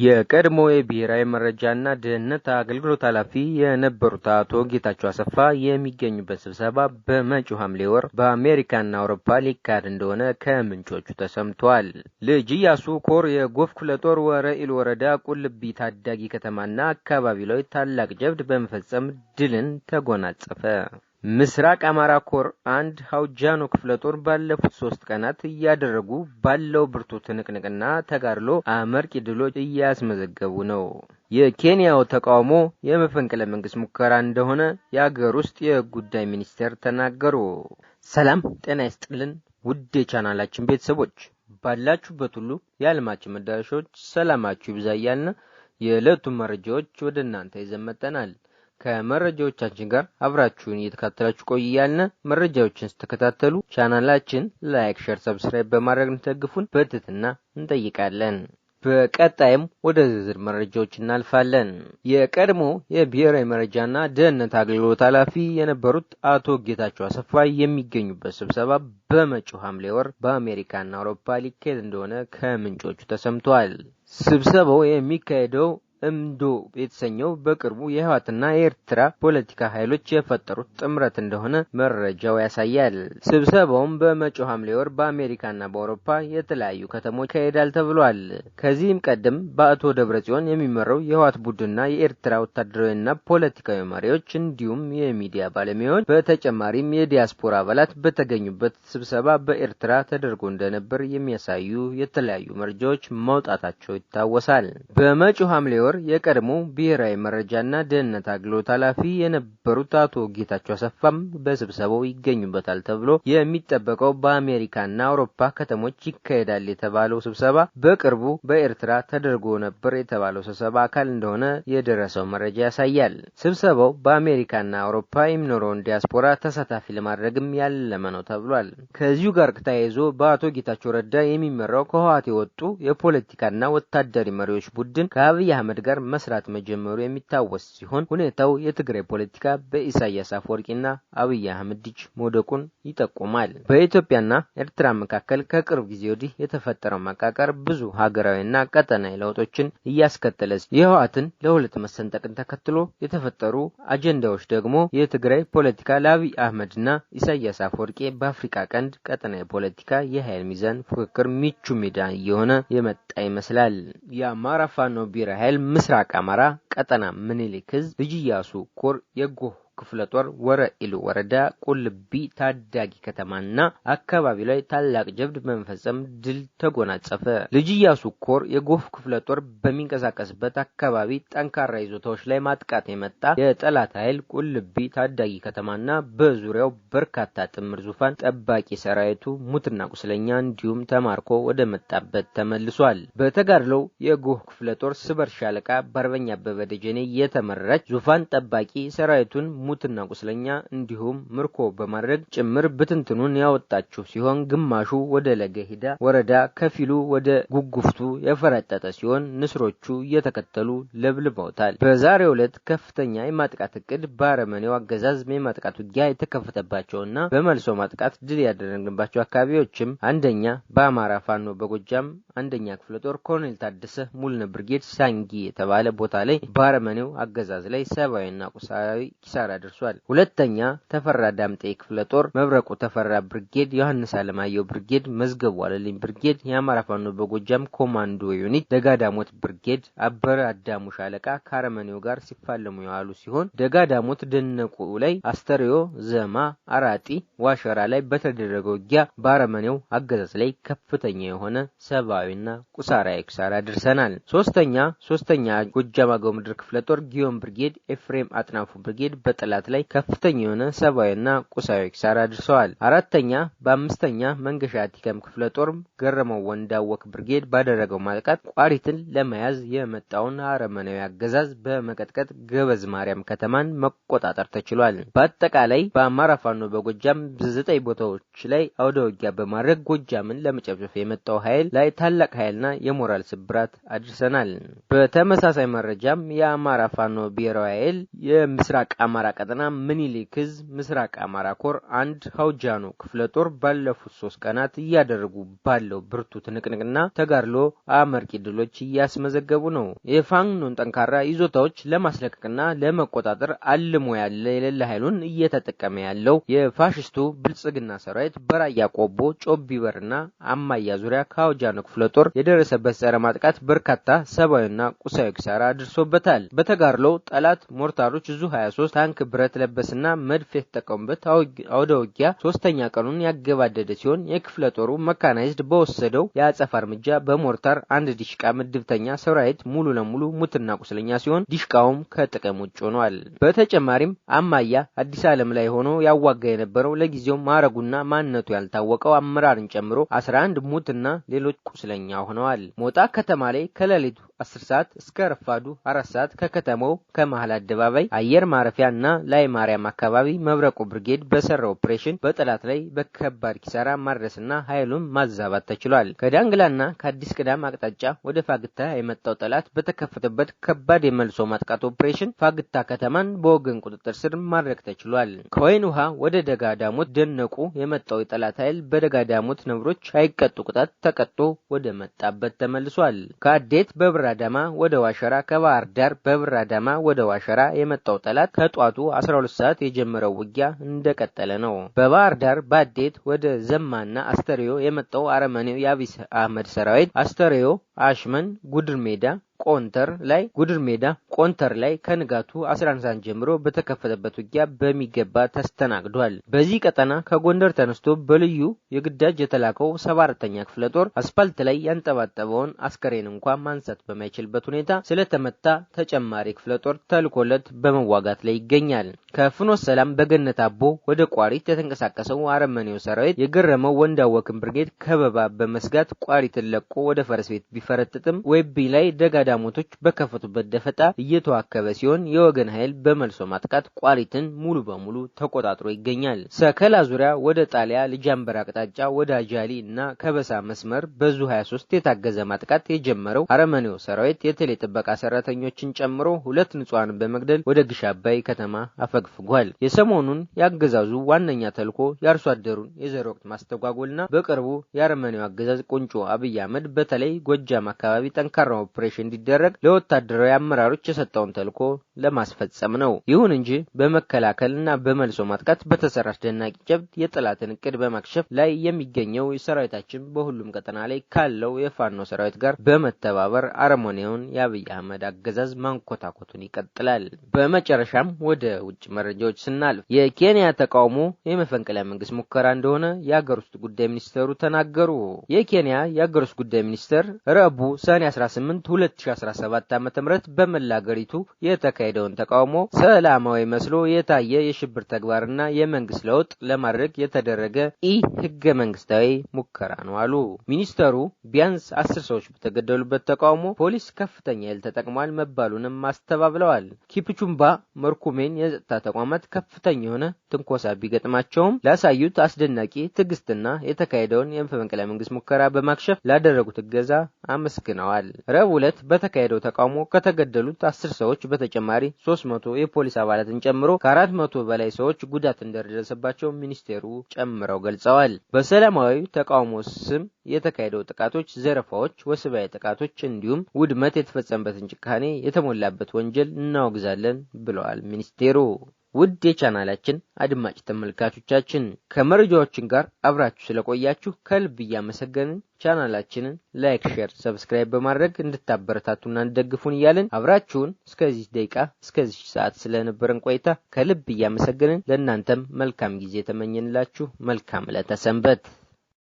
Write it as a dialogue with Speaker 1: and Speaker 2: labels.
Speaker 1: የቀድሞ የብሔራዊ መረጃና ደህንነት አገልግሎት ኃላፊ የነበሩት አቶ ጌታቸው አሰፋ የሚገኙበት ስብሰባ በመጪው ሐምሌ ወር በአሜሪካና አውሮፓ ሊካሄድ እንደሆነ ከምንጮቹ ተሰምቷል። ልጅ ኢያሱ ኮር የጎፍ ክፍለ ጦር ወረኢሉ ወረዳ ቁልቢ ታዳጊ ከተማና አካባቢ ላይ ታላቅ ጀብድ በመፈጸም ድልን ተጎናጸፈ። ምስራቅ አማራ ኮር አንድ ሀውጃኖ ክፍለ ጦር ባለፉት ሶስት ቀናት እያደረጉ ባለው ብርቱ ትንቅንቅና ተጋድሎ አመርቂ ድሎች እያስመዘገቡ ነው። የኬንያው ተቃውሞ የመፈንቅለ መንግስት ሙከራ እንደሆነ የአገር ውስጥ የጉዳይ ሚኒስቴር ተናገሩ። ሰላም ጤና ይስጥልን ውድ የቻናላችን ቤተሰቦች ባላችሁበት ሁሉ የዓለማችን መዳረሻዎች ሰላማችሁ ይብዛ እያልን የዕለቱን መረጃዎች ወደ እናንተ ይዘን መጥተናል። ከመረጃዎቻችን ጋር አብራችሁን እየተከታተላችሁ ቆያልን። መረጃዎችን ስተከታተሉ ቻናላችን ላይክ፣ ሸር፣ ሰብስክራይብ በማድረግ እንድትደግፉን በትህትና እንጠይቃለን። በቀጣይም ወደ ዝርዝር መረጃዎች እናልፋለን። የቀድሞ የብሔራዊ መረጃና ደህንነት አገልግሎት ኃላፊ የነበሩት አቶ ጌታቸው አሰፋ የሚገኙበት ስብሰባ በመጪው ሐምሌ ወር በአሜሪካና አውሮፓ ሊካሄድ እንደሆነ ከምንጮቹ ተሰምቷል። ስብሰባው የሚካሄደው እምዶ የተሰኘው በቅርቡ የህወሓትና የኤርትራ ፖለቲካ ኃይሎች የፈጠሩት ጥምረት እንደሆነ መረጃው ያሳያል። ስብሰባውም በመጪው ሐምሌ ወር በአሜሪካና በአውሮፓ የተለያዩ ከተሞች ይካሄዳል ተብሏል። ከዚህም ቀደም በአቶ ደብረጽዮን የሚመራው የህወሓት ቡድንና የኤርትራ ወታደራዊና ፖለቲካዊ መሪዎች እንዲሁም የሚዲያ ባለሙያዎች በተጨማሪም የዲያስፖራ አባላት በተገኙበት ስብሰባ በኤርትራ ተደርጎ እንደነበር የሚያሳዩ የተለያዩ መረጃዎች መውጣታቸው ይታወሳል። በመጪው ሐምሌ ወር ወር የቀድሞ ብሔራዊ መረጃና ደህንነት አገልግሎት ኃላፊ የነበሩት አቶ ጌታቸው አሰፋም በስብሰባው ይገኙበታል ተብሎ የሚጠበቀው በአሜሪካና አውሮፓ ከተሞች ይካሄዳል የተባለው ስብሰባ በቅርቡ በኤርትራ ተደርጎ ነበር የተባለው ስብሰባ አካል እንደሆነ የደረሰው መረጃ ያሳያል። ስብሰባው በአሜሪካና አውሮፓ የሚኖረውን ዲያስፖራ ተሳታፊ ለማድረግም ያለመ ነው ተብሏል። ከዚሁ ጋር ተያይዞ በአቶ ጌታቸው ረዳ የሚመራው ከህወሓት የወጡ የፖለቲካና ወታደራዊ መሪዎች ቡድን ከአብይ አህመድ ጋር መስራት መጀመሩ የሚታወስ ሲሆን ሁኔታው የትግራይ ፖለቲካ በኢሳያስ አፈወርቂና አብይ አህመድ እጅ መውደቁን ይጠቁማል። በኢትዮጵያና ኤርትራ መካከል ከቅርብ ጊዜ ወዲህ የተፈጠረው መቃቀር ብዙ ሀገራዊና ቀጠናዊ ለውጦችን እያስከተለ የህወሓትን ለሁለት መሰንጠቅን ተከትሎ የተፈጠሩ አጀንዳዎች ደግሞ የትግራይ ፖለቲካ ለአብይ አህመድና ኢሳያስ አፈወርቂ በአፍሪካ ቀንድ ቀጠናዊ ፖለቲካ የኃይል ሚዛን ፉክክር ምቹ ሜዳ እየሆነ የመጣ ይመስላል። የአማራ ፋኖ ብሔራዊ ኃይል ምስራቅ አማራ ቀጠና ምኒልክ ህዝብ ልጅ ኢያሱ ኮር የጎህ ክፍለ ጦር ወረ ኢሉ ወረዳ ቁልቢ ታዳጊ ከተማና አካባቢው ላይ ታላቅ ጀብድ በመፈጸም ድል ተጎናጸፈ። ልጅ ኢያሱ ኮር የጎፍ ክፍለ ጦር በሚንቀሳቀስበት አካባቢ ጠንካራ ይዞታዎች ላይ ማጥቃት የመጣ የጠላት ኃይል ቁልቢ ታዳጊ ከተማና በዙሪያው በርካታ ጥምር ዙፋን ጠባቂ ሰራዊቱ ሙትና ቁስለኛ እንዲሁም ተማርኮ ወደ መጣበት ተመልሷል። በተጋድለው የጎህ ክፍለ ጦር ስበር ሻለቃ በአርበኛ አበበ ደጀኔ የተመራች ዙፋን ጠባቂ ሰራዊቱን ሙትና ቁስለኛ እንዲሁም ምርኮ በማድረግ ጭምር ብትንትኑን ያወጣችው ሲሆን ግማሹ ወደ ለገሂዳ ወረዳ፣ ከፊሉ ወደ ጉጉፍቱ የፈረጠጠ ሲሆን ንስሮቹ እየተከተሉ ለብልበውታል። በዛሬው ዕለት ከፍተኛ የማጥቃት እቅድ በአረመኔው አገዛዝ የማጥቃት ውጊያ የተከፈተባቸውና በመልሶ ማጥቃት ድል ያደረግንባቸው አካባቢዎችም አንደኛ በአማራ ፋኖ በጎጃም አንደኛ ክፍለ ጦር ኮሎኔል ታደሰ ሙልነ ብርጌድ ሳንጊ የተባለ ቦታ ላይ በአረመኔው አገዛዝ ላይ ሰብአዊና ቁሳዊ ኪሳራ ኋላ ደርሷል። ሁለተኛ ተፈራ ዳምጤ ክፍለ ጦር፣ መብረቁ ተፈራ ብርጌድ፣ ዮሐንስ አለማየሁ ብርጌድ፣ መዝገቡ አለልኝ ብርጌድ፣ የአማራ ፋኖ በጎጃም ኮማንዶ ዩኒት፣ ደጋዳሞት ብርጌድ፣ አበረ አዳሙ ሻለቃ ከአረመኔው ጋር ሲፋለሙ የዋሉ ሲሆን ደጋዳሞት ደነቁ ላይ፣ አስተሪዮ ዘማ፣ አራጢ፣ ዋሸራ ላይ በተደረገው ውጊያ በአረመኔው አገዛዝ ላይ ከፍተኛ የሆነ ሰብአዊና ቁሳራዊ ኪሳራ ደርሰናል። ሶስተኛ ሶስተኛ ጎጃም አገው ምድር ክፍለ ጦር ጊዮን ብርጌድ፣ ኤፍሬም አጥናፉ ብርጌድ በ ጠላት ላይ ከፍተኛ የሆነ ሰብአዊና ቁሳዊ ኪሳራ አድርሰዋል። አራተኛ በአምስተኛ መንገሻ ቲከም ክፍለ ጦርም ገረመው ወንዳወክ ብርጌድ ባደረገው ማጥቃት ቋሪትን ለመያዝ የመጣውን አረመናዊ አገዛዝ በመቀጥቀጥ ገበዝ ማርያም ከተማን መቆጣጠር ተችሏል። በአጠቃላይ በአማራ ፋኖ በጎጃም ዘጠኝ ቦታዎች ላይ አውደ ውጊያ በማድረግ ጎጃምን ለመጨፍጨፍ የመጣው ኃይል ላይ ታላቅ ኃይልና የሞራል ስብራት አድርሰናል። በተመሳሳይ መረጃም የአማራ ፋኖ ብሔራዊ ኃይል የምስራቅ አማራ ቀጠና ምኒልክ እዝ ምስራቅ አማራ ኮር አንድ ሀውጃኖ ክፍለ ጦር ባለፉት ሶስት ቀናት እያደረጉ ባለው ብርቱ ትንቅንቅና ተጋድሎ አመርቂ ድሎች እያስመዘገቡ ነው። የፋኖን ጠንካራ ይዞታዎች ለማስለቀቅና ለመቆጣጠር አልሞ ያለ የሌለ ኃይሉን እየተጠቀመ ያለው የፋሽስቱ ብልጽግና ሰራዊት በራያ ቆቦ፣ ጮቢበርና አማያ ዙሪያ ከአውጃኖ ክፍለ ጦር የደረሰበት ጸረ ማጥቃት በርካታ ሰብአዊና ቁሳዊ ኪሳራ አድርሶበታል። በተጋድሎ ጠላት ሞርታሮች እዙ 23 ታንክ ብረት ለበስና መድፍ የተጠቀሙበት አውደ ውጊያ ሶስተኛ ቀኑን ያገባደደ ሲሆን የክፍለ ጦሩ መካናይዝድ በወሰደው የአጸፋ እርምጃ በሞርታር አንድ ዲሽቃ ምድብተኛ ሰራዊት ሙሉ ለሙሉ ሙትና ቁስለኛ ሲሆን ዲሽቃውም ከጥቅም ውጭ ሆኗል። በተጨማሪም አማያ አዲስ ዓለም ላይ ሆኖ ያዋጋ የነበረው ለጊዜው ማረጉና ማንነቱ ያልታወቀው አመራርን ጨምሮ 11 ሙትና ሌሎች ቁስለኛ ሆነዋል። ሞጣ ከተማ ላይ ከሌሊቱ 10 ሰዓት እስከ ረፋዱ 4 ሰዓት ከከተማው ከመሃል አደባባይ አየር ማረፊያ እና ላይ ማርያም አካባቢ መብረቁ ብርጌድ በሰራው ኦፕሬሽን በጠላት ላይ በከባድ ኪሳራ ማድረስና ኃይሉን ማዛባት ተችሏል። ከዳንግላና ከአዲስ ቅዳም አቅጣጫ ወደ ፋግታ የመጣው ጠላት በተከፈተበት ከባድ የመልሶ ማጥቃት ኦፕሬሽን ፋግታ ከተማን በወገን ቁጥጥር ስር ማድረግ ተችሏል። ከወይን ውሃ ወደ ደጋ ዳሞት ደነቁ የመጣው የጠላት ኃይል በደጋ ዳሞት ነብሮች አይቀጡ ቅጣት ተቀጦ ወደ መጣበት ተመልሷል። ከአዴት በብራ አዳማ ወደ ዋሸራ ከባህር ዳር በብር አዳማ ወደ ዋሸራ የመጣው ጠላት ከጧቱ 12 ሰዓት የጀመረው ውጊያ እንደቀጠለ ነው። በባህር ዳር ባዴት ወደ ዘማና አስተሪዮ የመጣው አረመኔው የአቢስ አህመድ ሰራዊት አስተሪዮ፣ አሽመን፣ ጉድር ሜዳ ቆንተር ላይ ጉድር ሜዳ ቆንተር ላይ ከንጋቱ 11 ሰዓት ጀምሮ በተከፈተበት ውጊያ በሚገባ ተስተናግዷል። በዚህ ቀጠና ከጎንደር ተነስቶ በልዩ የግዳጅ የተላከው 74ኛ ክፍለ ጦር አስፋልት ላይ ያንጠባጠበውን አስከሬን እንኳ ማንሳት በማይችልበት ሁኔታ ስለተመታ ተጨማሪ ክፍለ ጦር ተልኮለት በመዋጋት ላይ ይገኛል። ከፍኖት ሰላም በገነት አቦ ወደ ቋሪት የተንቀሳቀሰው አረመኔው ሰራዊት የገረመው ወንዳወክን ብርጌድ ከበባ በመስጋት ቋሪትን ለቆ ወደ ፈረስ ቤት ቢፈረጥጥም ወይቢ ላይ ደጋዳ ገዳሞቶች በከፈቱበት ደፈጣ እየተዋከበ ሲሆን የወገን ኃይል በመልሶ ማጥቃት ቋሪትን ሙሉ በሙሉ ተቆጣጥሮ ይገኛል። ሰከላ ዙሪያ ወደ ጣሊያ ልጃንበር አቅጣጫ ወደ አጃሊ እና ከበሳ መስመር በዙ 23 የታገዘ ማጥቃት የጀመረው አረመኔው ሰራዊት የቴሌ ጥበቃ ሰራተኞችን ጨምሮ ሁለት ንጹሃን በመግደል ወደ ግሽ አባይ ከተማ አፈግፍጓል። የሰሞኑን የአገዛዙ ዋነኛ ተልኮ የአርሶ አደሩን የዘር ወቅት ማስተጓጎልና በቅርቡ የአረመኔው አገዛዝ ቁንጮ አብይ አህመድ በተለይ ጎጃም አካባቢ ጠንካራ ኦፕሬሽን ሲደረግ ለወታደራዊ አመራሮች የሰጠውን ተልኮ ለማስፈጸም ነው። ይሁን እንጂ በመከላከልና በመልሶ ማጥቃት በተሰራ አስደናቂ ጀብድ የጠላትን እቅድ በማክሸፍ ላይ የሚገኘው ሰራዊታችን በሁሉም ቀጠና ላይ ካለው የፋኖ ሰራዊት ጋር በመተባበር አረመኔውን የአብይ አህመድ አገዛዝ ማንኮታኮቱን ይቀጥላል። በመጨረሻም ወደ ውጭ መረጃዎች ስናልፍ የኬንያ ተቃውሞ የመፈንቅለ መንግስት ሙከራ እንደሆነ የአገር ውስጥ ጉዳይ ሚኒስተሩ ተናገሩ። የኬንያ የአገር ውስጥ ጉዳይ ሚኒስተር ረቡዕ ሰኔ 18 2017 ዓ.ም በመላ አገሪቱ የተካሄደውን ተቃውሞ ሰላማዊ መስሎ የታየ የሽብር ተግባርና የመንግስት ለውጥ ለማድረግ የተደረገ ኢ ህገ መንግስታዊ ሙከራ ነው አሉ ሚኒስተሩ። ቢያንስ አስር ሰዎች በተገደሉበት ተቃውሞ ፖሊስ ከፍተኛ ኃይል ተጠቅሟል መባሉንም አስተባብለዋል። ኪፕቹምባ መርኩሜን የጸጥታ ተቋማት ከፍተኛ የሆነ ትንኮሳ ቢገጥማቸውም ላሳዩት አስደናቂ ትዕግስትና የተካሄደውን የመፈንቅለ መንግስት ሙከራ በማክሸፍ ላደረጉት እገዛ አመስግነዋል። ረቡዕ ዕለት በተካሄደው ተቃውሞ ከተገደሉት አስር ሰዎች በተጨማሪ ሶስት መቶ የፖሊስ አባላትን ጨምሮ ከአራት መቶ በላይ ሰዎች ጉዳት እንደደረሰባቸው ሚኒስቴሩ ጨምረው ገልጸዋል። በሰላማዊ ተቃውሞ ስም የተካሄደው ጥቃቶች ዘረፋዎች፣ ወስባዊ ጥቃቶች እንዲሁም ውድመት የተፈጸመበትን ጭካኔ የተሞላበት ወንጀል እናወግዛለን ብለዋል ሚኒስቴሩ። ውድ የቻናላችን አድማጭ ተመልካቾቻችን ከመረጃዎችን ጋር አብራችሁ ስለቆያችሁ ከልብ እያመሰገንን ቻናላችንን ላይክ፣ ሼር፣ ሰብስክራይብ በማድረግ እንድታበረታቱና እንደግፉን እያልን አብራችሁን እስከዚህ ደቂቃ እስከዚህ ሰዓት ስለነበረን ቆይታ ከልብ እያመሰገንን ለእናንተም መልካም ጊዜ ተመኘንላችሁ። መልካም ዕለተ ሰንበት።